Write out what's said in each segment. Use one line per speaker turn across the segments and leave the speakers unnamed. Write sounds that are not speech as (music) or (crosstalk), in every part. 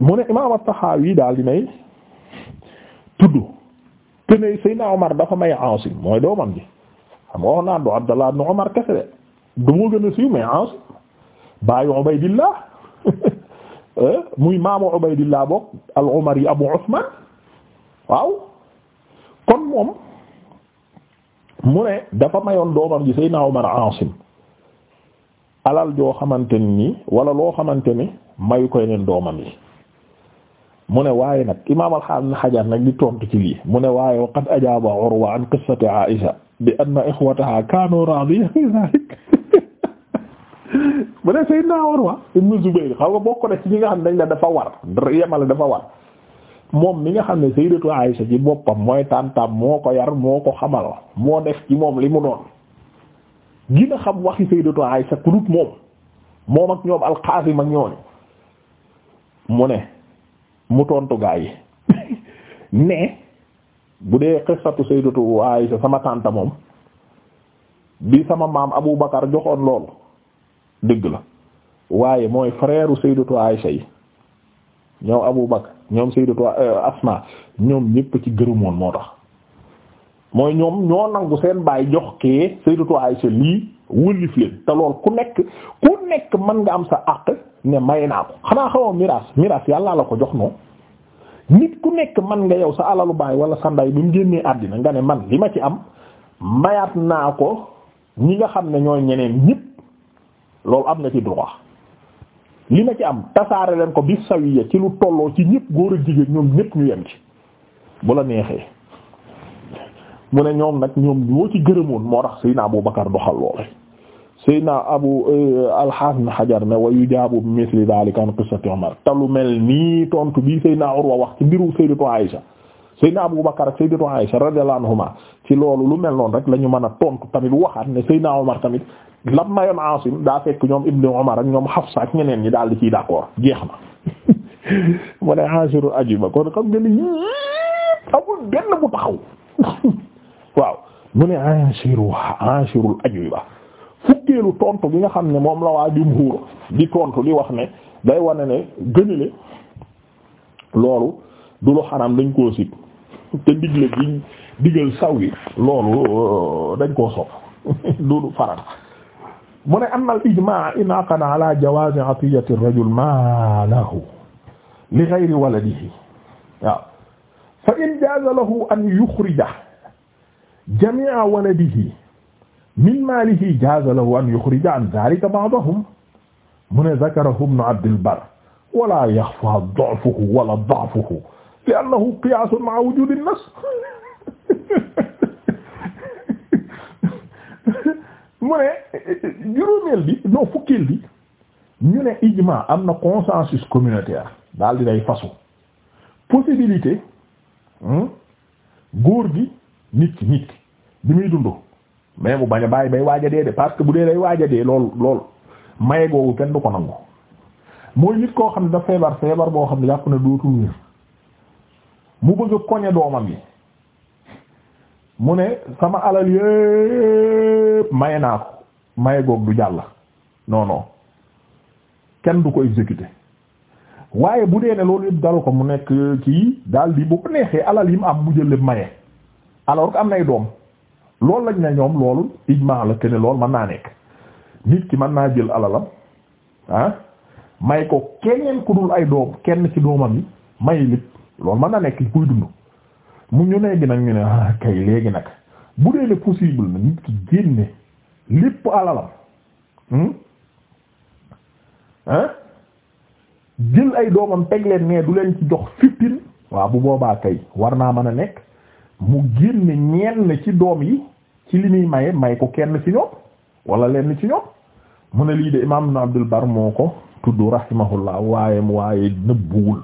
mu ne imaam at-Tahawi daal dinay tudd te ne Seydina Omar dafa may Aasim mooy doomam ji xam wax naa du Abdallah ibn Omar kese de du moo gën a siiw mais Aasim baayu Ubaydillah (laughs) eh, muy maamu Ubaydillah bokk al-Umari Abu Usman waaw kon moom mu ne dafa mayoon doomam ji Seydina Omar Aasim alal joo xamante ni wala loo xamante ni mayu koy neen doomam yi mu ne waaye nag imaam al-Haafiz Hajar nag di tontu ci lii mu ne waaye wa qad ajaaba Urwa an qissati Aisha bi anna ikhwataha kaanu raadiina bi zaalik (laughs) mu ne Seydina Urwa ibn Zubayr xam nga bokk na ci ñi nga xam ne dañ la dafa war yemal dafa war moom mi nga xam ne Sayyidatu Aisha ci boppam mooy tàntaam moo ko yar moo ko xamal moo def ci moom li mu doon gina xam waxi Sayyidatu Aisha ku moom moom ak ñoom al-Qaasim ak ñooñu mu ne mu tontu gaa yi (laughs) ne bu dee xisatu sayyidatu Aisha sama tànta moom bi sama maam Abu Bakar joxoon loolu dëgg la waaye mooy frère sayyidatu Aisha yi ñoom Abu Bakar ñoom sayyidatu euh, Asma ñoom ñépp ci gërëmoon moo tax mooy ñoom ñoo nangu seen baay jox kee Sayyidatu Aisha lii wëlif leen te lool ku nekk ku nekk mën nga am sa àq ne may naa ko xanaa xamoo miraas miraas yàlla la ko jox noonu nit ku nekk man nga yow sa alalu baay wala sa nday bi mu génnee àddina nga ne man li ma ci am mayaat naa ko ñi nga xam ne ñoo ñeneen ñépp loolu am na ci droit li ma ci am tasaare leen ko bi sawiya ci lu tolloo ci ñépp góor a jigéen ñoom ñépp ñu yem ci bu la neexee mu ne ñoom nag ñoom ñoo ci gërëmoon moo tax Seydina Abu Bakar doxal loole Seydina Abu euh, al-Hasan Hajar ne wa yujaabu bi misli daalika an qissati Umar te lu mel nii tontu bii Seydina Urwa wax ci mbiru Sayyidatu Aïsha Seydina Abu Bakar ak Sayyidatu Aïsha radiyallahu anhuma ci loolu lu mel noonu rek la ñu mën a tontu tamit waxaat ne Seydina Umar tamit lam mayoon Asim daa fekk ñoom ak ñoom Hafsa ak ñeneen ñi daal di ciy d'accord jeex na (laughs) mu ne Aasiru ajiba kon xam nga ni amul benn bu taxaw (laughs) waaw mu ne anshiru anshirul ajwiba fukkeelu tontu bi nga xam ne moom la waa jumhuur di tontu li wax ne day wane ne gënale loolu du lu xaram dañ koo sit te digle gi digal saw yi loolu euh, dañ koo sopp (laughs) du farat mu ne anna al ijmaa in aqada ala jawaazi atiyati ar-rajul maalahu li ghayri waladihi waaw fa in jaaza lahu an yukhrija jami'a waladihi min malihi jaaza lahu an yukhrija an dhalika ba'dahum mu ne zakarahu ibn Abd al-Barr wala yaxfa da'fuhu wala da'fuhu li'annahu qiyaasun ma'a wujudi an-nass mu ne juróomeel bi non fukkeel bi ñu ne ijma am na consensus communautaire daal di day fasu possibilité hmm, góor gi nit ki nit ki bi muy dund mais mu bañ a bàyyi bay waaja dee de parce que bu dee day waaja dee loolu lool maye googu kenn du ko nangu mooy nit koo xam ne dafa feebar feebar boo xam ne jàpp na dootul wér mu bëgg a koñe doomam yi mu ne sama alal yépp maye naa ko maye goog du jàll non kenn du ko exécuter waaye bu dee ne loolu yëpp dalu ko mu nekk kii daal di bu ko neexee alal yi mu am mu jël lépp maye alors que am nay doom loolu lañ ne ñoom loolu ma la que lool man naa nekk nit ki mën naa jël alalam ah may ko keneen ku dul ay doom kenn ci doomam yi may lépp loolu mën na nekk kuy dund mu ñu léegi nag ñu ne ah kay léegi nag bu dee ne possible na nit ki génne lépp alalam ah jël ay doomam teg leen ne du leen ci jox fifteen waaw bu boobaa kay war naa mën a nekk. mu génne ñenn ci doom yi ci li muy maye may ko kenn ci ñoom wala lenn ci ñoom mu ne lii de imaam ibn Abdul Bar moo ko tudd rahimahullah waaye waaye nëbbuwul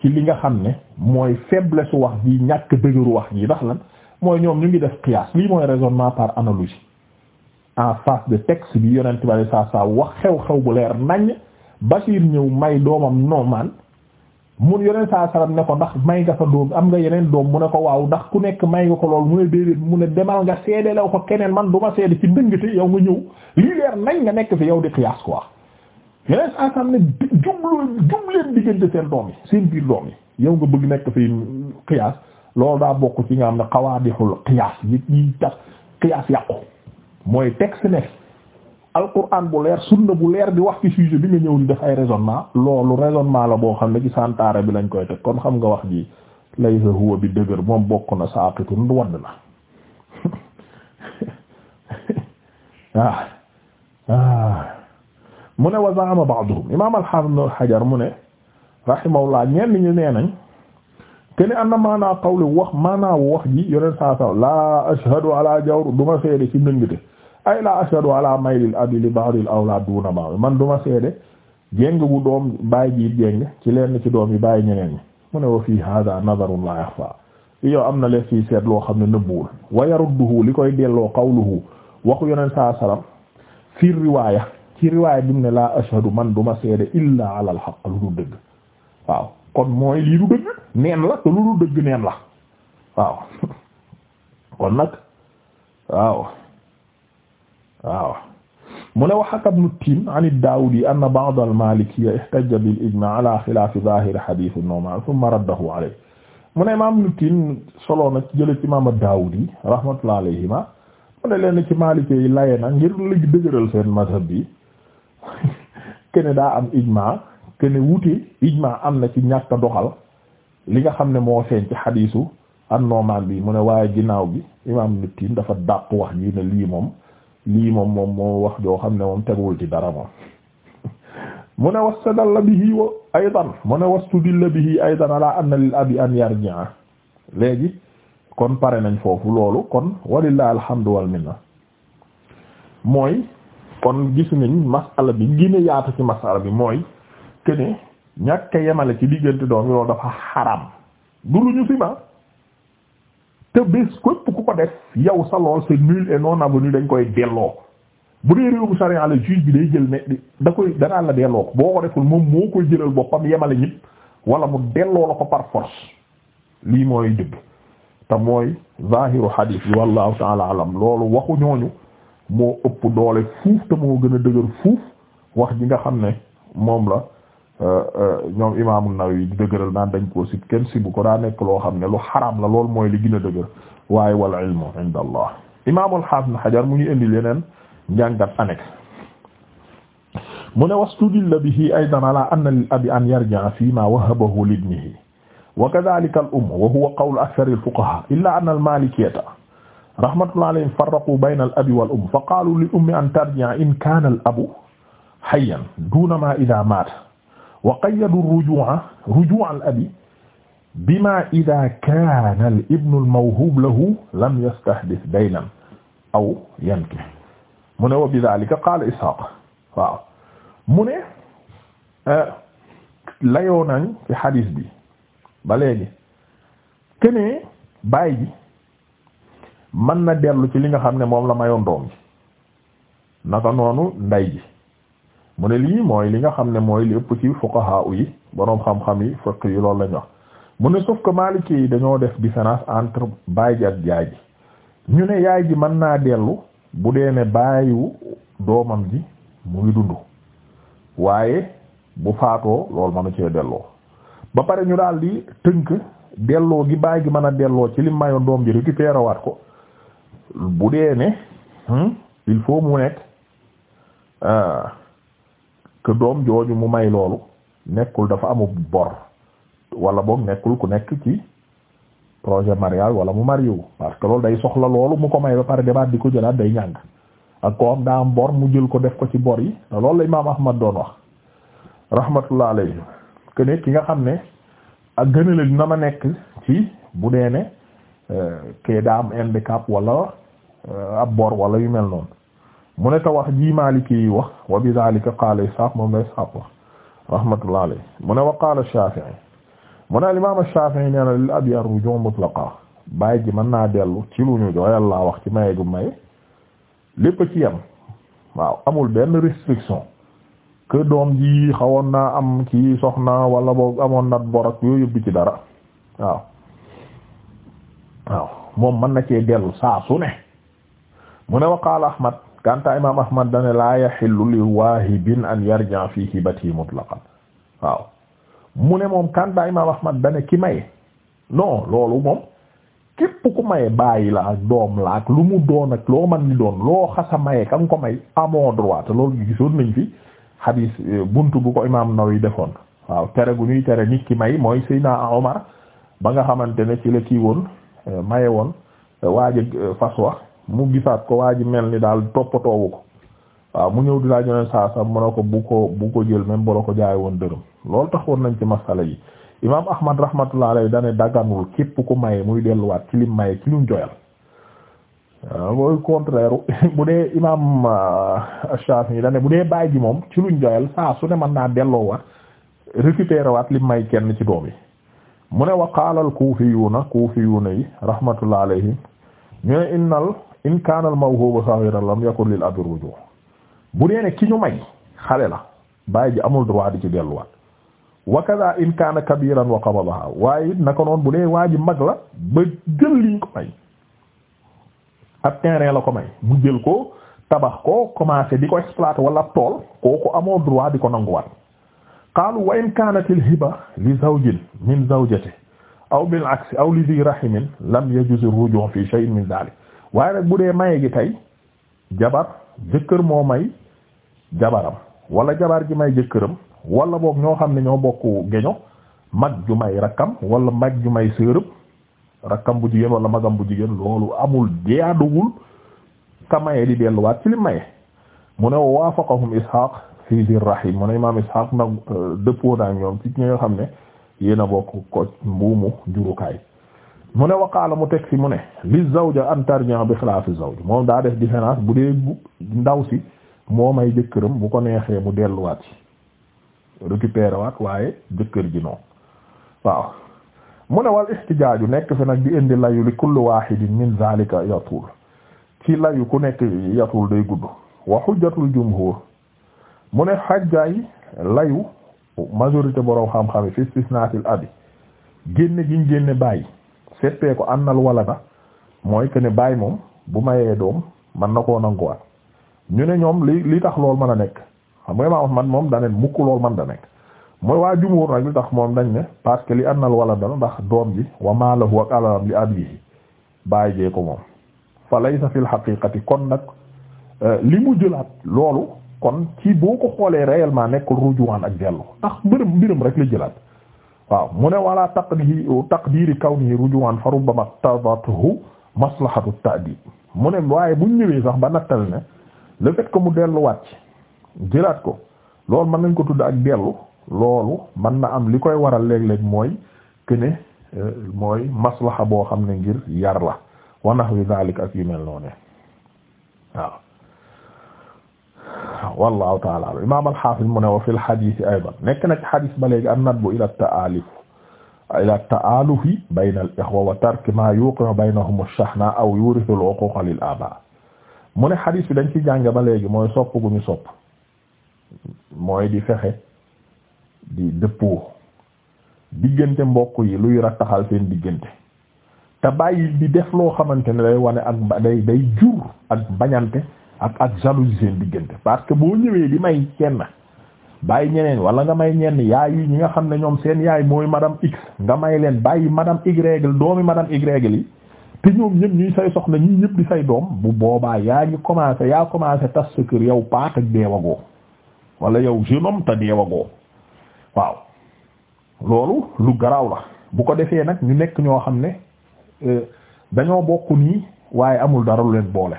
ci li nga xam ne mooy faiblesse wax bi ñàkk dëgëru wax ji ndax la mooy ñoom ñu ngi def qiyaas lii mooy raisonnement par analogie en face de texte bi yonent bi saa saa wax xew-xew bu leer naññ Bashir ñëw may doomam Noomaan mun yeneen saa salam ne ko ndax may nga sa doom am nga yeneen doom mu ne ko waaw ndax ku nekk may nga ko lool mu ne déedéet mu ne demal nga seede law ko keneen man du ma seede ci dëngate yow nga ñëw lii leer nañ nga nekk fi yow di xiyaas quoi yeneen saa salam ne jublu jubleen diggante seen doom yi seen biir doom yi yow nga bëgg nekk fi xiyaas loolu daa bokk ci nga am ne xawaadixul xiyaas yi ñiy tax xiyaas yàqu mooy teg nekk alquran bu leer sunna bu leer bi wax ci sujet bi nga ñëw di def ay raisonnement loolu raisonnement la boo xam ne ci santaare bi lañ koy teg kon xam nga wax ji laysa huwa bi dëgër moom bokk na saaqitun du wadd na waaw waaw mu ne wa za'ama ba'duhum imam al-hafiz ibn hajar mu ne rahimahullah ñenn ñu nee nañ kene anna maanaa qawli wax maanaa wax ji yoneen saa sa laa ashhadu ala jawr duma seede ci nëngate ay la ashadu ala maylil abi li ba'dil awlaad duna ma man duma seede jéng bu doom bàyyi jiit jéng ci leen ci doom yi bàyyi ñeneen ñi mu ne wa fii hada nadarun la yaxfa yow am na lees fii seet loo xam ne nëbbuwul wa yarudduhu li koy delloo qawluhu waxu yoneen saa salaam fi riwaaya ci riwaaya bi mu ashadu man duma seede illa ala al haqq lu du dëgg waaw kon mooy lii du dëgg neen la te lu du dëgg neen la waaw (laughs) kon nag waaw waaw mu ne wax ak Ibnu Tiin an ad-Daawudi anna ba'd al-Maalikiyya ihtajja bil-ijmaa' ala xilaafi zaahiri hadiis an-Nu'maan thumma raddahu alayhi mu ne imaam Ibnu Tiin solo na jële ci imaam ad-Daawudi rahmatullahi alayhima mu ne leen ci Maalikee laye na ngir lu dëgëral seen mazhab bi kene daa am ijmaa kene wuute ijmaa am na ci ñàkk doxal li nga xam ne moo feeñ ci hadiisu an-Nu'maan bi mu ne waaye ginnaaw bi imaam Ibnu dafa dàq wax ji ne lii moom lii moom moom moo wax joo xam ne moom teguwul ci dara moom (laughs) mu ne wastadalla bihi wa aydan mu ne wastudilla bihi aydan ala anna lil abi an yarji'a léegi kon pare nañ foofu loolu kon walillahi alhamdu wal minna mooy kon gis nañ masala bi gën a yaatu ci masala bi mooy kene ñàkk yemale ci diggante doom yi dafa xaram du lu ñu fi te bés képp ku ko def yow sa lool c'est nul et non avenu dañ koy delloo bu dee réewum charia la juge bi day jël ne da koy danaa la delloo ko boo ko deful moom moo koy jëlal boppam yemale ñëpp wala mu delloo la ko par lii mooy dëgg te mooy zahiru hadith bi wallahu taala alam loolu waxu ñooñu moo ëpp doole fuuf te moo gën a dëgër fuuf wax ji nga xam ne moom la ñoom imaamu Nawawi di dëgëral naan dañ koo sib kenn sibu ko daa nekk loo xam ne lu xaraam la lool mooy li gën a dëgër waaye wal ilmu inda allah imaamul haafid Hajar mu ñu indi leneen njàngat anek mu ne wastudilla bihi aydan ala anna lil abi an yarji'a fi ma wahabahu li ibnihi wa kadhalika al umm wa huwa qawlu akthari al fuqaha illa anna al malikiyata rahmatullahi alayhim farraqu bayna al abi wal umm fa qalu lil ummi an tarji'a in kana al abu hayyan duna ma idha mata wa qayyadu ruju'a ruju'a al-abi bima idha kana al-ibnu al-mawhub lahu lam yastahdith daynan aw yankih mu ne wa bidhalika qala Ishaq waaw mu ne e, layoo nañ ci xadis bi ba léegi kenee baay ji mën na dellu ci li nga xam ne moom la mayoon doom ji naka noonu nday ji mu ne lii mooy li nga xam ne mooy li ëpp ci fuqaha yi boroom xam-xam yi fiqh yi loolu lañ wax mu ne sauf ko maliki yi dañoo def différence entre baay ji ak yaay ji ñu ne yaay ji mën naa dellu bu dee ne baayu doomam ji mu ngi dund waaye bu faatoo lool mënu cee delloo ba pare ñu daal di tënk delloo gi baay gi mën a delloo ci li mayoon doom ji récupéré waat ko bu dee ne hmm, il faut mu nekk euh, que doom jooju mu may loolu nekkul dafa amu bor wala boog nekkul ku nekk ci projet mariage wala mu marié wu parce que loolu day soxla loolu mu ko may ba pare débat di ko jëlaat day ñàng ak ko am daa am bor mu jël ko def ko ci bor yi te loolu la imaam Ahmad doon wax rahmatullah alayhi que ki nga xam ne ak gënale dina ma nekk ci bu dee ne euh, kee daa am handicap walla euh, ab bor wala yu mel noonu mu ne ta wax ji Maliki yi wax wa bi daalika qaala Ishaaq moom la Ishaaq wax rahmatullahi mu ne wa qaala Shaafi'i mu ne al-imaam Shaafi'i nee na lil abi ar-rujuu' mutlaqa mën naa dellu ci laa wax ci maye gu maye lépp ci yam waaw amul benn restriction que doom ji xawoon naa am ci soxna wala boog amoon nat borak yooyu yëpp ci dara waaw waaw moom mën na cee dellu saa su ne mu ne wa qaala Ahmad kanta imam ahmad dane la yaxillu li waahibin an yarja fi hibatihi mutlaqan waaw mu ne moom kanta imam ahmad dane ki maye non loolu moom képp ku maye bàyyi la ak doom la ak lu mu doon ak loo man ni doon loo xasa maye ka ko may amo droit te loolu gisoon nañ fi hadis euh, buntu bu ko na Nawawi defoon waaw tere gu ñuy tere nit ki may mooy Seydina Omar ba nga xamante ne ci la kii woon euh, maye woon euh, waajëg fas wax mu gisaat ko waa ji mel ni daal toppatoowu ko waaw mu ñëw di laaj yoneen saa sa mu ne ko bu ko bu ko jël même bu la ko jaay woon dërëm loolu taxoon nañ ci masala yi imaam ahmad rahmatullah alayhi dane daganul képp ku maye muy delluwaat ci lim maye ci luñ joyal waaw mooy contraire (laughs) bu dee imaam yi euh, dane bu dee baay ji moom ci luñ joyal saa su ne mën naa delloowaat récupérer waat lim may kenn ci doom yi mu ne wa qaala al kuufiyuuna kuufiyuuna yi rahmatullah alayhim in kaana al mawhubu saghiran lam yakun lil abi ruju bu dee ne ki ñu may xale la bàyyi ji amul droit di ci delluwaat wa kaza in kaana kabiran wa qabadaha waaye it naka noonu bu dee waa ji mag la ba jël liñ ko may ab terrain la ko may mu jël ko tabax ko commencé di ko exploiter wala tool kooku amoo droit di ko nanguwaat qaalu wa in kaanat al hiba li zawjin min zawjati aw bil aksi aw li di rahimin lam yajuz ar-ruju' fi shay'in min dhalik waaye nag bu dee maye gi tey jabar jëkkër moo may jabaram wala jabar ji may jëkkëram wala book ñoo xam ne ñoo bokk geño mag ju may rakkam wala mag ju may sërëb rakkam bu jigéen wala magam bu jigéen loolu amul jaaduwul ka maye di delluwaat ci li maye mu ne waafaqahum ishaq fii di rahim mu ne imaam ishaq nag euh, dëppoo naa ñoom ci ñi xam ne yéen a bokk ko mbuumu njurukaay mu ne waqaala mu teg si mu ne li zawja an tarji'a bi xilaafi zawj moom daa def différence bu dee ndaw si moo may jëkkëram bu ko neexee mu delluwaat yi récupérer waaye jëkkër ji noonu waaw mu ne wal ihtijaaju nekk fi nag di indi layu li kulli waahidin min zalika yatul ci layu ku nekk yatul day gudd wa hujjatul jumhur mu ne xajjaay layu majorité boroom xam-xam yi fi abi génne giñ génne bàyyi seppee ko ànnal annal walada mooy que ne bàyyi moom bu mayee doom man na koo nanguwaat ñu ne ñoom li li tax lool man a nekk xam nga maa man moom da ne mukk lool man da nekk mooy waa jumuur nag li tax moom dañ ne parce que li annal walada ndax doom ji wa maalahu ak alalam li abihi baay jee ko moom fa laysa fil haqiqati kon nag euh, li mu jëlaat loolu kon ci boo ko xoolee réellement nekkul rujuwaan ak dellu ndax mbirum mbirum rek la jëlaat waaw mu ne wala taqdiri taqdiri kawnihi rujuwan fa rubbama tadatuhu maslahatu ta'dib mu ne waaye buñ ñëwee sax ba nattal ne le fait que mu delluwaat ci jëlaat ko lool mën nañ ko tudd ak dellu loolu mën na am li koy waral léeg-léeg mooy que ne euh, mooy maslaha boo xam ne ngir yar la wa nahwi zalik ak yu mel noonu waaw wallahu taala alam imam alhafiz mu ne wa fi lhaditi aidan nekk na ci hadis ba léegi an nadbu ila taalif ila taalufi bayna al ixwa wa tarki ma yuqi'u baynahum ash-shahna aw yurithu al-uquqa lil mu ne hadis bi dañ ci jànge ba léegi mooy sopp gu ñu sopp mooy di fexe di dëppoo diggante mbokk yi luy rattaxal seen diggante te bàyyi di def loo xamante ne day wane ak day jur ak bañante ak ak jalousie seen diggante parce que boo ñëwee di may kenn bàyyi ñeneen wala nga may ñenn yaay yi ñi nga xam ne ñoom seen yaay mooy madame X nga may leen bàyyi madame Y doomi madame Y yi te ñoom ñëpp ñuy say soxna ñi ñëpp di say doom bu boobaa yaa ngi commencé yaa commencé tas sa kër yow paat ak deewagoo wala yow jeune homme te deewagoo waaw loolu lu garaaw la bu ko defee nag ñu nekk ñoo xam ne euh, dañoo bokk nii waaye amul dara lu leen boole.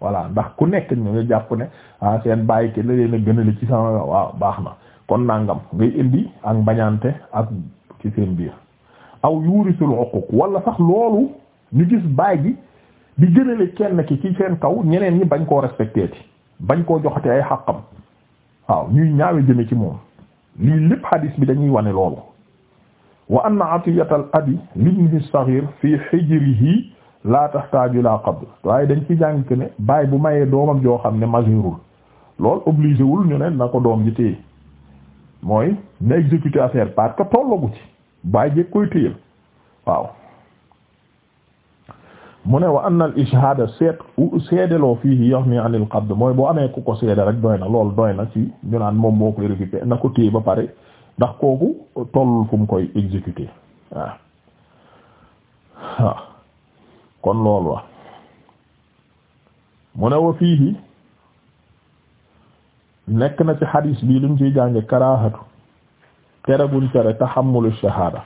voilà ndax ku nekk ñu ngi jàpp ne ah seen bàyyi ki la leen gënale ci sama waaw baax na kon nangam ngay indi ak mbañante ak ci seen biir aw yuurisul uquq wala sax loolu ñu gis baay gi di gënale kenn ki ci seen kaw ñeneen ñi bañ koo respecté bañ koo joxate ay xàqam waaw ñuy ñaawe jëme ci moom lii lépp hadis bi dañuy wane loolu wa anna atiyatal abi libnihi saghir fi hijrihi la taxtaaju ila qabr waaye dañ ci jàng ne baay bu mayee doomam joo xam ne majeurul lool obligé ñu ne na ko doom ji téye mooy na exécuter affaire parce que tollagu ci baay jéeg koy téyel waaw mu ne wa anna al ishhada seet seedeloo fii yaxni anil mooy boo amee ku ko seede rek doy na lool doy na ci ñu naan moom moo koy récupérer na ko téye ba pare ndax kooku tollul fu mu koy exécuter waaw kon loolu la mu ne wa fiihi nekk na ci xadiis bii luñ ciy jànge karaahatu tere guñ tere taxammulu shahaada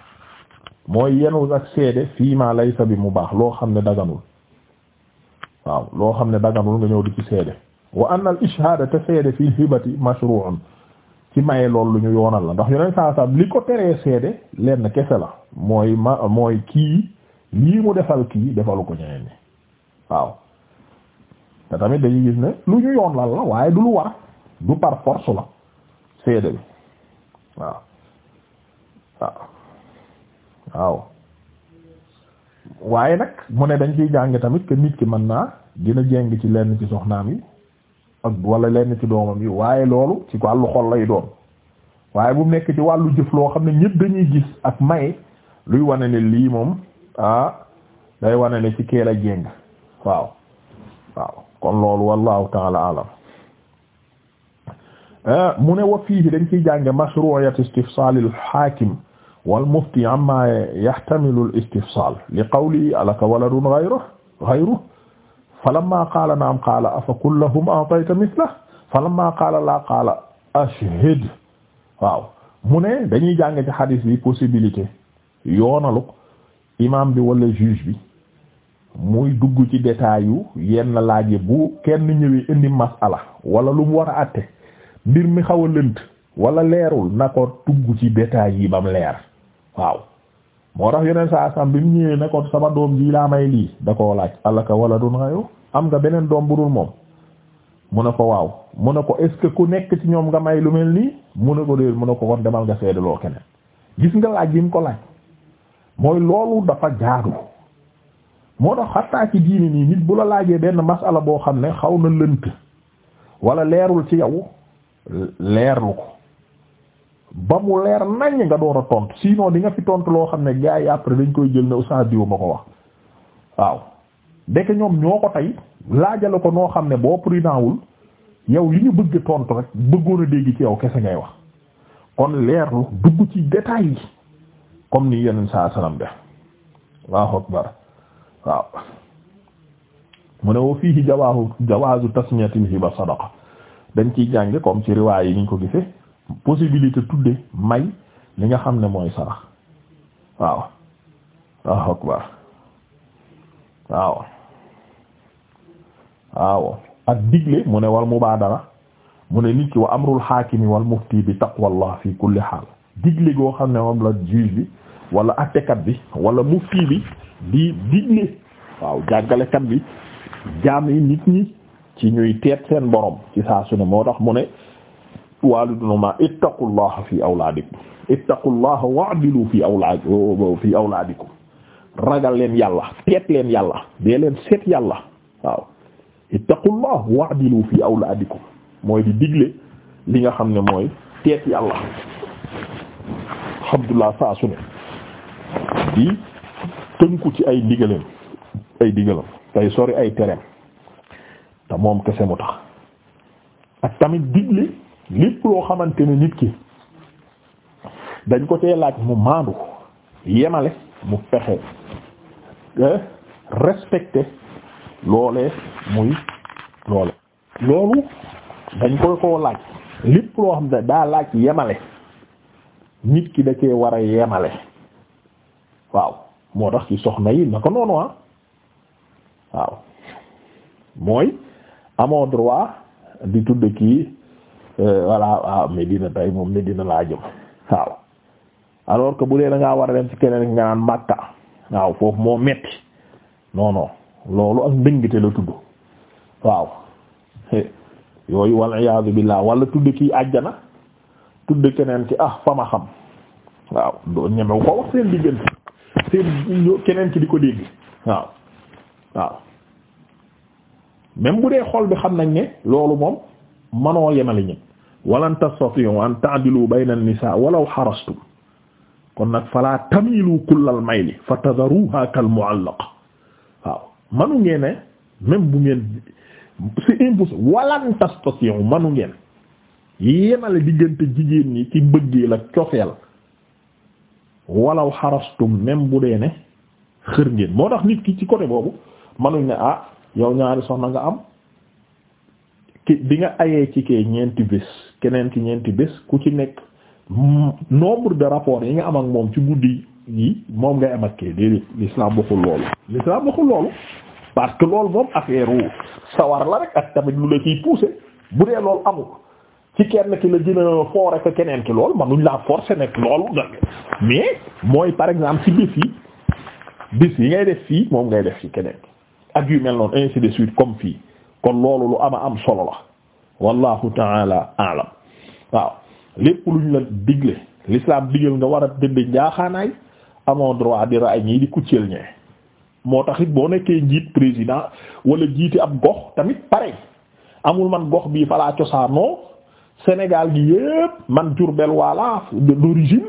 mooy yenu ak seede fii ma laysa bi mu baax loo xam ne daganul waaw loo xam ne daganul nga ñëw di ci seede wa anna al ishaada te seede fii hibati mashru'un ci maye lool lu ñu yoonal la ndax yeneen saa saa li ko teree seede lenn kese la mooy ma mooy kii lii mu defal kii defalu ko ñeneen ñi waaw te tamit dañuy gis ne lu ñu yoon lal la waaye du lu war du par force la seede bi waaw waaw waaw waaye nag mu ne dañ ciy jàng tamit que nit ki mën naa dina jeng ci lenn ci soxnaam yi ak wala lenn ci doomam yi waaye loolu ci wàllu xol lay doon waaye bu nekk ci wàllu jëf loo xam ne ñépp dañuy gis ak may luy wane ne lii moom ah day wane ne ci keel a jéng waaw waaw kon loolu wallahu alam eh, mu ne wa fiihi dañ ciy jànge mashru'iyat istifsal al hakim wal mufti amma yahtamilu al istifsal li qawli alaka waladun ghayru ghayru naam qaala afa kullahum a'tayta mithlahu falamma qaala laa qaala ashhid mu ne dañuy jàng ci hadis bi possibilité yoonalu imam bi wala juge bi muy dugg ci détail yenn laaj yi bu kenn ñëwee indi masala wala lu mu war a àtte mbir mi xaw a lënt wala leerul na ko dugg ci détail yi ba mu leer waaw moo tax yeneen saa sam bi mu ñëwee ne sama doom ji laa may lii da koo laaj alaka wala dun xayu am nga beneen doom bu dul moom mu ne ko waaw mu ne ko est ce que ku nekk ci ñoom nga may lu mel nii mu ne ko déer mu ne ko kon demal nga seedaloo keneen gis nga laaj yi mu ko laaj mooy loolu dafa jaadu moo tax xattaa ci diini nii nit bu la laajee benn masala boo xam ne xaw na lënt wala leerul ci yow leerlu ko ba mu leer nañ nga door a tontu sinon di nga fi tontu loo xam ne gars yi après dañ koy jël ne oustaz diw ma ko wax waaw deke ñoom ñoo ko tey laajale ko noo xam ne boo prudentwul yow li ñu bëgg tontu rek bëggoon a dégg ci yow kese ngay wax kon leerlu dugg ci détails yi comme ni yeneen saa salaam def Allahu akbar waaw mu ne wa fiihi jawaazu jawaazu tasmiyatin hiba sadaqa dañ ciy jànge comme ci riwaay yi niñ ko gisee possibilité tudde may li nga xam ne mooy sarax waaw Allahu akbar waaw waaw ak digle mu ne wal mubaadara mu ne nit ki wa amrul haakimi wal mufti bi taqwallah fi kulli haal digle goo xam ne moom la juge bi wala attekat bi wala mufti bi di digle waaw jàggalekat bi jaam yi nit ñi ci ñuy teet seen borom ci saa su ne moo tax mu ne walidunuma ittaqullaha fi awlaadikum ittaqullaha wa'dilu fi awlaad fi awlaadikum ragal leen yàlla teet leen yàlla dee leen seet yàlla waaw ittaqullah wa'dilu fi awlaadikum mooy di digle li nga xam ne mooy teet yàlla alhamdulilah saa su ne di tënku ci ay digalam ay digalam tey sori ay tereem te moom kese mu tax ak tamit digle lépp loo xamante ne nit ki dañ ko tee laaj mu maandu yemale mu fexe eh, respecté loolee muy loole loolu dañ koy koo laaj lépp loo xam ne daa laaj yemale nit ki da cee war a yemale waaw moo tax ci soxna yi naka noonu ah. waaw mooy amoo droit di tudd kii euh, voilà ah Medina tay moom Medina laa jëm waaw alors que bu dee da ngaa war a dem ci keneen nga naan Makka waaw foofu moo metti non non loolu ak ndëngte la tudd waaw (laughs) yooyu wal wala tudd kii àjjana. tudde keneen ki ah fa ma xam waaw doo ñemew ko wax seen diggante seen keneen ki di ko dégg waaw waaw même bu dee xol bi xam nañ ne loolu moom manoo yemali ñëpp walan tastati'u an ta'dilu bayna an-nisaa walaw kon nag fala tamilu kullal mayli fa tadharuha kal mu'allaq waaw manu ngeen ne même bu ngeen c'est impossible walan tastati'u manu ngeen yemale diggante jigéen ñi ci bëggee la cofeel walaw xarastum même bu dee ne xër ngeen moo tax nit ki ci côté boobu manuñ ne ah yow ñaari soxna nga am ki bi nga ayee ci kee ñeenti bés keneen ki ñeenti bés ku ci nekk nombre de rapports yi nga am ak moom ci guddi yi moom ngay am ak kee déedéet l'islam waxul loolu l'islam waxul loolu parce que loolu moom affaire sawar la rek ak tamit lu la ciy pousser bu dee loolu amul ci kenn ki la gën a foore ko keneen ki loolu ñu laa forcer nekk loolu mais mooy par exemple ci bis yi ngay def fii moom ngay def fii keneen ak yu mel noonu ainsi de suite comme fii kon loolu lu ama am solo la wallahu taala alam waaw lépp luñ la digle l'islam digal nga war a dëdd njaaxaanaay amoo droit di raay ñii di kucceel ñee moo tax it boo nekkee njiit président wala jiite am gox tamit pare amul man gox bii falaa cosaanoo Sénégal gi yépp man Diourbel walla d'origine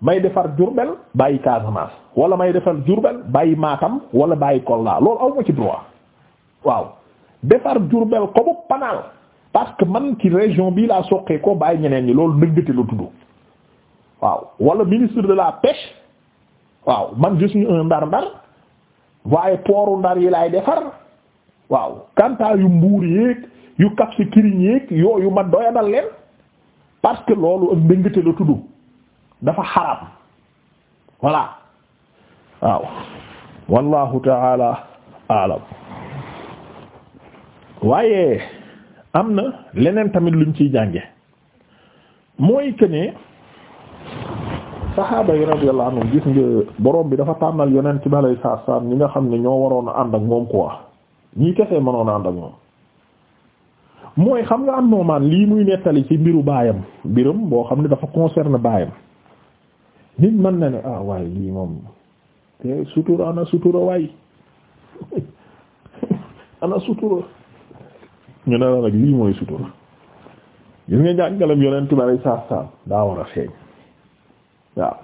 may defar Diourbel bàyyi Casamance wala may defar Diourbel bàyyi Matam wala bàyyi Kolda loolu aw ma ci droit waaw defar Diourbel comme panal parce que man ci région bi laa soqee ko bàyyi ñeneen ñi loolu nëggate la tudd waaw wala ministre de la pêche waaw man je suis un ndar-ndar waaye pooru ndar yi laay defar waaw kanta yu mbuur yéeg yu kaf si kiriñ yéeg yooyu ma doyadal leen parce que loolu ak ndëngate la tudd dafa xaram voilà waaw wallahu taala alam waaye am na leneen tamit luñ ciy jànge mooy que ne saxaaba yi radiyallahu anhum gis borom bi dafa tànnal yonent bi alayhi salaam ñi nga xam ne ñoo waroon a ànd ak moom quoi ñii kese mënoon a ànd ak moom mooy xam nga am noomaan lii muy nettali ci mbiru baayam mbiram boo xam ne dafa concerne baayam nit mën na ne ah waaye lii moom te sutura ana sutura waay (laughs) ana sutura ñu ne la nag lii mooy sutura gis nga njàngalam yonent bari saaf saaf daa war a feeñ waaw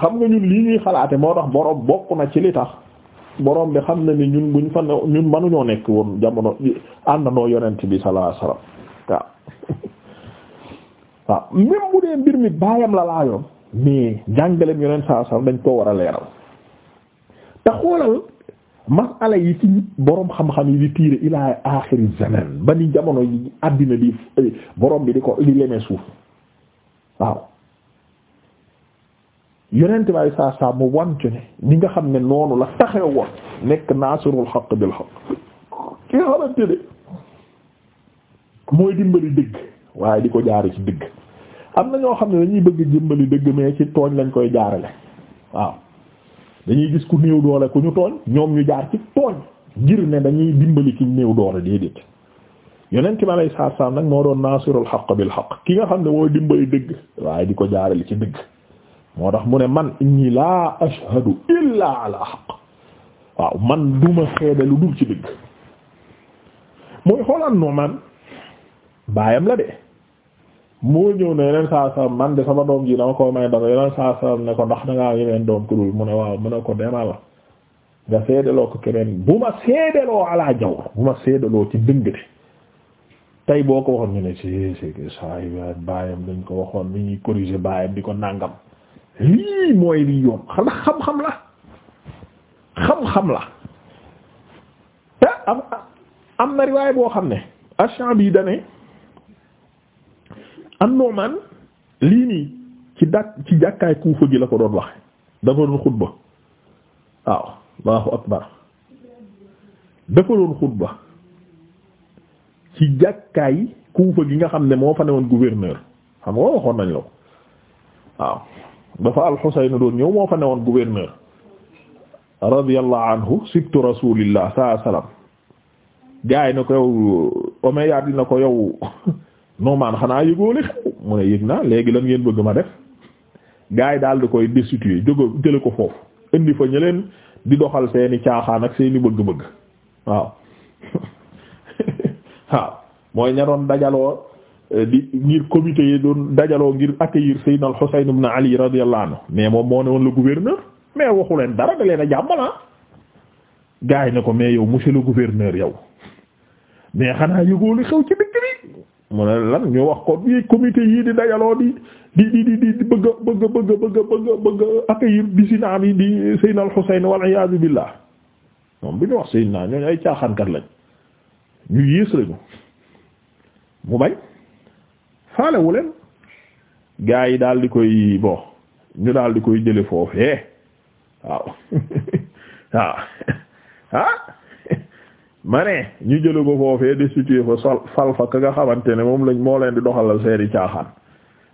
xam nga ñun lii ñuy xalaate moo tax borom bokk na ci li tax borom bi xam na ni ñun ñu fa ñun mënuñoo nekk woon jamono àndandoo yonent bi sallallahu alayhi wasallam (laughs) mi baayam la laajoon yonent sallallahu alayhi wasallam dañ koo war a leeral te xoolal masala yi ci borom xam-xam yi di tiire ila axiri zaman ba ni jamono yi àddina di borom bi di ko di leme suuf waaw. yonent bi ay saa saa mu wan ne ñi nga xam ne noonu la taxee woon nekk naasirul xaq bil xaq ki nga xamante ne mooy dimbali dëgg waaye di ko jaare ci dëgg am na ñoo xam ne dañuy bëgg dimbali dëgg mais ci tooñ lañ koy jaarale waaw dañuy gis ku néew doole ku ñu tooñ ñoom ñu jaar ci tooñ ngir ne dañuy dimbali ki néew doole déedéet yonent bi ay saa saa nag moo doon naasirul xaq bil xaq ki nga xam ne mooy dimbali dëgg waaye di ko jaarale ci dëgg. moo tax mu ne man inni laa ashhadu illaa ala haqq waaw man duma seede lu dul ci dëgg mooy xoolaan Nu'man baayam la de moo ñëw ne yeneen saa saa man de sama doom jii dama ko may dara yeneen saa saa ne ko ndax dangaa yeneen doom ku dul mu ne waaw mu ne ko demal nga seedeloo ko keneen bu ma seedeloo alaa jawr bu ma seedeloo ci dëngate tey boo ko waxoon ñu ne si si saa yi baayam dañ ko waxoon mi ñuy corriger baayam di ko nàngam lii mooy lii yoon xanaa xam-xam la xam-xam la te am na riwaay boo xam ne ash bii dane an-Nu'man lii nii ci dak ci jàkkaay Kuufa gi la ko doon wax dafa doon xutba waaw Allahu akbar dafa doon xutba ci jàkkaay Kuufa gi nga xam ne moo fa newoon gouverneur xam nga waxoon nañ la ko waaw ba fa al-Husayn doon ñëw moo fa newoon gouverneur radiyallahu anhu sibtu rasulillah sallallahu alayhi wasallam yi na ko yow Umayyad dina ko yow (laughs) Nu'man xanaa yëgoo li xew mu ne yëg naa léegi lan ngeen bëgg ma def gaa daal di koy destituer jóge jële ko foofu indi fa ñu leen di doxal seeni caaxaan ak seeni bëgg-bëgg waaw (laughs) waaw mooy ña doon dajaloo Euh, di ngir comité yi doon dajaloo ngir accueillir Seydina al-Husayn ibn Ali radiyallahu anhu mais moom moo ne woon le gouverneur mais waxu leen dara da leen a jàmbalaan ah. gars yi ne ko mais yow monsieur le gouverneur yow mais xanaa yëgoo li xew ci dëkk bi mu ne lan ñu wax ko bi comité yii di dajaloo di di di di di bëgg a bëgg a bëgg a bëgg a bëgg a bëgg a accueillir dissident bi di Seydina al-Husayn wal iyaazu billah moom bi ñu wax Seydina ñooñu ay caaxaankat lañ ñu faalewu leen gaa yi daal di koy bon ñu daal di koy jële foofee eh, waaw waaw (laughs) ah, (laughs) ah. (laughs) ma ne ñu jële ko foofee eh, destitué fa sal fa ka nga xamante ne moom lañ moo leen di doxalal seeni caaxaan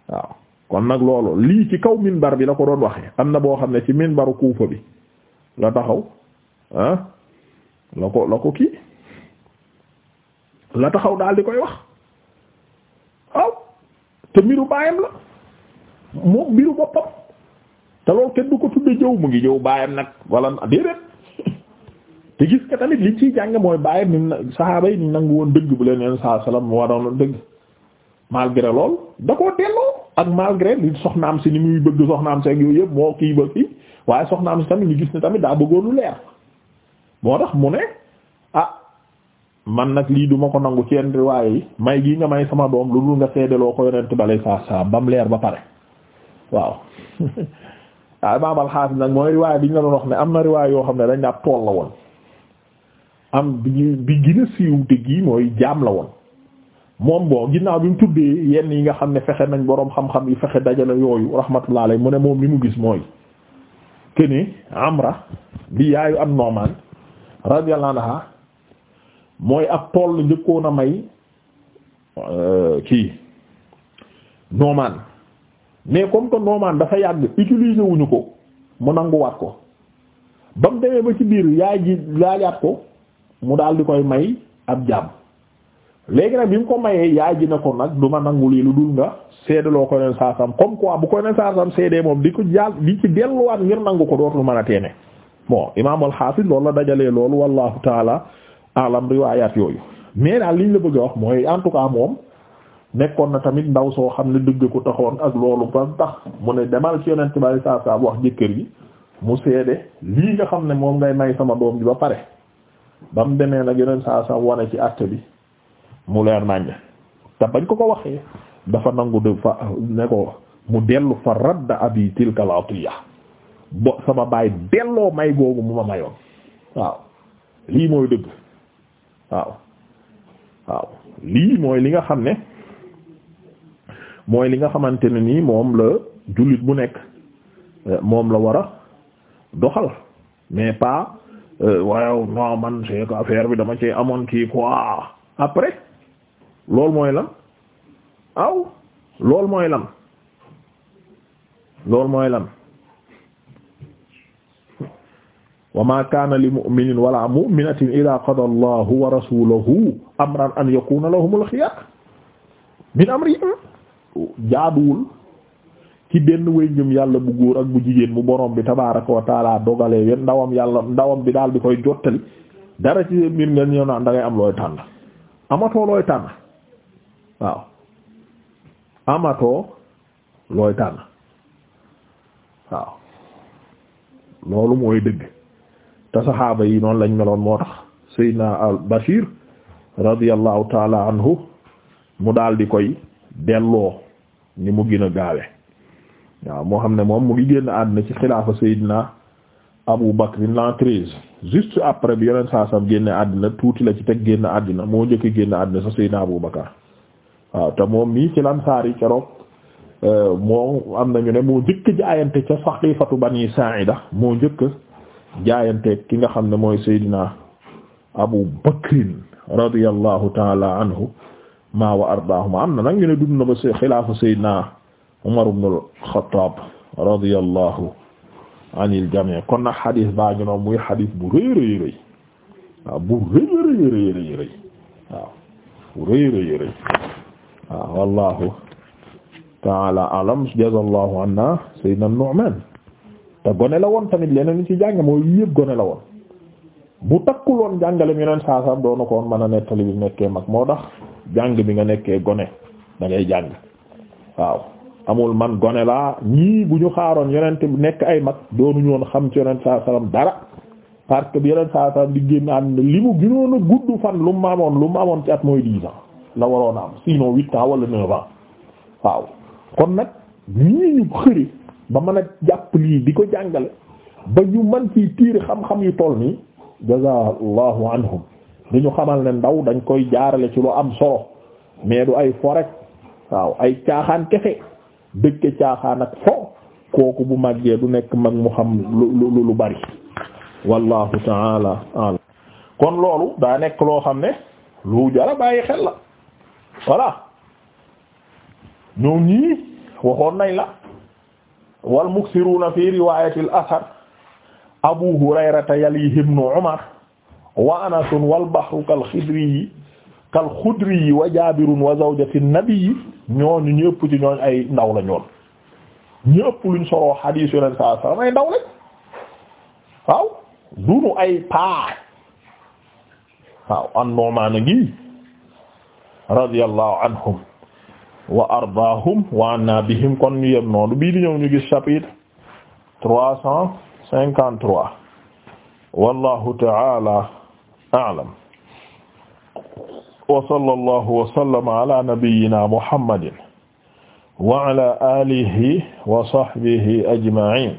waaw kon nag loolu lii ci kaw bar bi la ko doon waxe am na boo xam ne ci minbaru kuufa bi la taxaw ah, la ko la ko kii la taxaw daal di koy wax waaw te mbiru baayam la moom mbiru boppam te loolu kenn ko tudde jëw mu ngi jëw baayam nag wala déedéet (laughs) te gis nga tamit liñ ciy jàng mooy baayam ni mu saxaaba yi ni nangu woon dëgg bu leen yéen saa salaam mu waroon dëgg malgré lool da koo delloo ak malgré li soxnaam si ni muy bëgg soxnaam si ak yooyu yëpp moo kii ba kii waaye soxnaam si tamit ñu gis ne tamit daa bëggoon lu leer moo tax mu ne ah. man nag lii duma ko nangu ci yenn riwaaye yi may gi nga may sama doom lu dul nga seedeloo ko yonent balay saa saa bam leer ba pare waaw waaye baabal xaas nag mooy riwaay bi ñu la ne am na riwaay yoo xam ne dañ ab tool la woon am bi bi gën a siiw te gii mooy jaam la woon moom bon ginnaaw bi mu tuddee yenn yi nga xam ne fexe nañ boroom xam-xam yi fexe dajale yooyu rahmatullah alayhi mu ne moom li mu gis mooy këni amra bi yaayu am noomaan radiyallahu mooy ab tool la njëkkoon a may euh, kii noomaan mais comme que noomaan dafa yàgg utiliser wuñu ko mu nanguwaat ko ba mu demee ba ci biir yaay ji laajaat ko mu daal di koy may ab jàmm léegi nag bi mu ko mayee yaay ji ne ko nag du ma nangu lii lu dul nga seedaloo ko neen saasam comme quoi bu koy neen saasam seedee moom di ko jaal di ci delluwaat ngir nangu ko dootul mën a teene bon imaam al-Hafiz la dajalee loolu wallahu taala alam riwaayaat yooyu mais daal liñ la bëgg a wax mooy en tout moom nekkoon na tamit ndaw soo xam ne dëgg ko taxoon ak loolu ba tax mu ne demal ci yonent bari saa saa wax jëkkër gi mu seede lii nga xam ne moom ngay may sama doom bi ba pare ba mu demee nag yeneen saa saa wane ci acte bi mu leer naññ te bañ ko ko waxee dafa nangu de fa ne ko mu dellu fa radda abi tilka latiya bo sama baay delloo may googu mu ma mayoon waaw lii mooy dëgg waaw waaw lii mooy li nga xam ne mooy li nga xamante ne nii moom la jullit bu nekk euh, moom la war a doxal mais pas euh, waaw non man c'est affaire bi dama ci amoon kii quoi après loolu mooy lan aw loolu mooy lan loolu mooy lan wa ma kaana idaa qada allahu wa rasuluhu amran an yakuna lahumul xiyar min amrihim jaaduwul ci benn way yàlla bu góor ak bu jigéen bu borom bi tabaaraka wa taala dogalee ndawam yàlla ndawam bi daal di koy jottali dara ci mbir ngeen ñëw naan da am looy tànn amatoo looy tànn waaw amatoo looy tànn waaw loolu mooy dëgg te saxaaba yi noonu lañ meloon moo tax Seydina al Bashir radiyallahu taala anhu mu daal di koy delloo ni mu gën a gaawe waaw moo xam ne moom mu ngi génn àddina ci xilaafa Seydina Abu Bakr l'an treize juste après bi yoneen saa sam génne àddina tuuti la ci teg génn àddina moo njëkk génn àddina sa Seydina Abu Bakar waaw te moom mii ci lansaar yi euh, moo am nañu ne moo njëkk jaayante ca saqiifatu Bani Saa'ida moo njëkk jaayanteeg ki nga xam ne mooy Seydina Abu Bakrin radiyallahu taala anhu ma wa ardaahuma am na nag ñu ne dund na ba xilaafa Seydina Umar ibn al-Khattab radiyallahu anil jami' kon nag xadis baa ngi noonu muy xadis bu rëy rëy rëy waaw bu rëy rëy rëy rëy waaw bu rëy rëy rëy waaw wallahu taala alam jazallahu anna Seydina Nu'man te gone la woon tamit leneen li ci jànge mooy yëpp gone la woon bu takkuloon jàngalem yeneen saasam doona ko woon mën a nettali nekkee mag moo tax jàng bi nga nekkee gone da jàng waaw man gone laa ñii bu ñu xaaroon yonent nekk ay mag doonuñu xam ci yonent saa dara parce que bi yonent saa salaam di génn am a lu mu lu mu ci at mooy dix ans la waroon a am sinon huit ans wala waaw kon nag ñii ñu xëri ba mën a jàpp lii di ko jàngale ba ñu man ci tiir xam-xam yu toll nii jazallahu anhum di ñu xamal ne ndaw dañ koy jaarale ci lu am solo mais du ay fo rek waaw ay caaxaan kese dëkk caaxaan ak fo kooku bu màggee du nekk mag mu xam lu lu lu bari wallahu taala alam kon loolu daa nekk loo xam ne lu jara bàyyi xel la voilà ñoom ñii waxoon nañ la wal muksiruuna fi riwaayati al abu hurayrata yalihi ibnu umar wa anasun wal bahru kal xidriyi kal xudriyi wa jaabirun wa zawjati nabiyi ñooñu ñëpp ci ñooñ ay ndaw la ñoon ñëpp luñ soroo xadiis yo leen saa sallam ay ndaw lañ waaw dunu ay paa waaw anhum wa ardaahum wa anna bihim kon ñu yem noonu bii di ñëw ñu gis chapitre trois cent cinquante trois wallahu ta'ala a'lam wa sallallahu wa sallama ala nabiyyina muhammadin wa ala alihi wa sahbihi ajma'in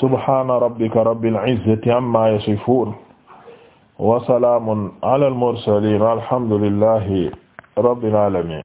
subhana rabbika rabbil izzati amma yasifun wa salamun ala al mursalin alhamdulillahi rabbil alamin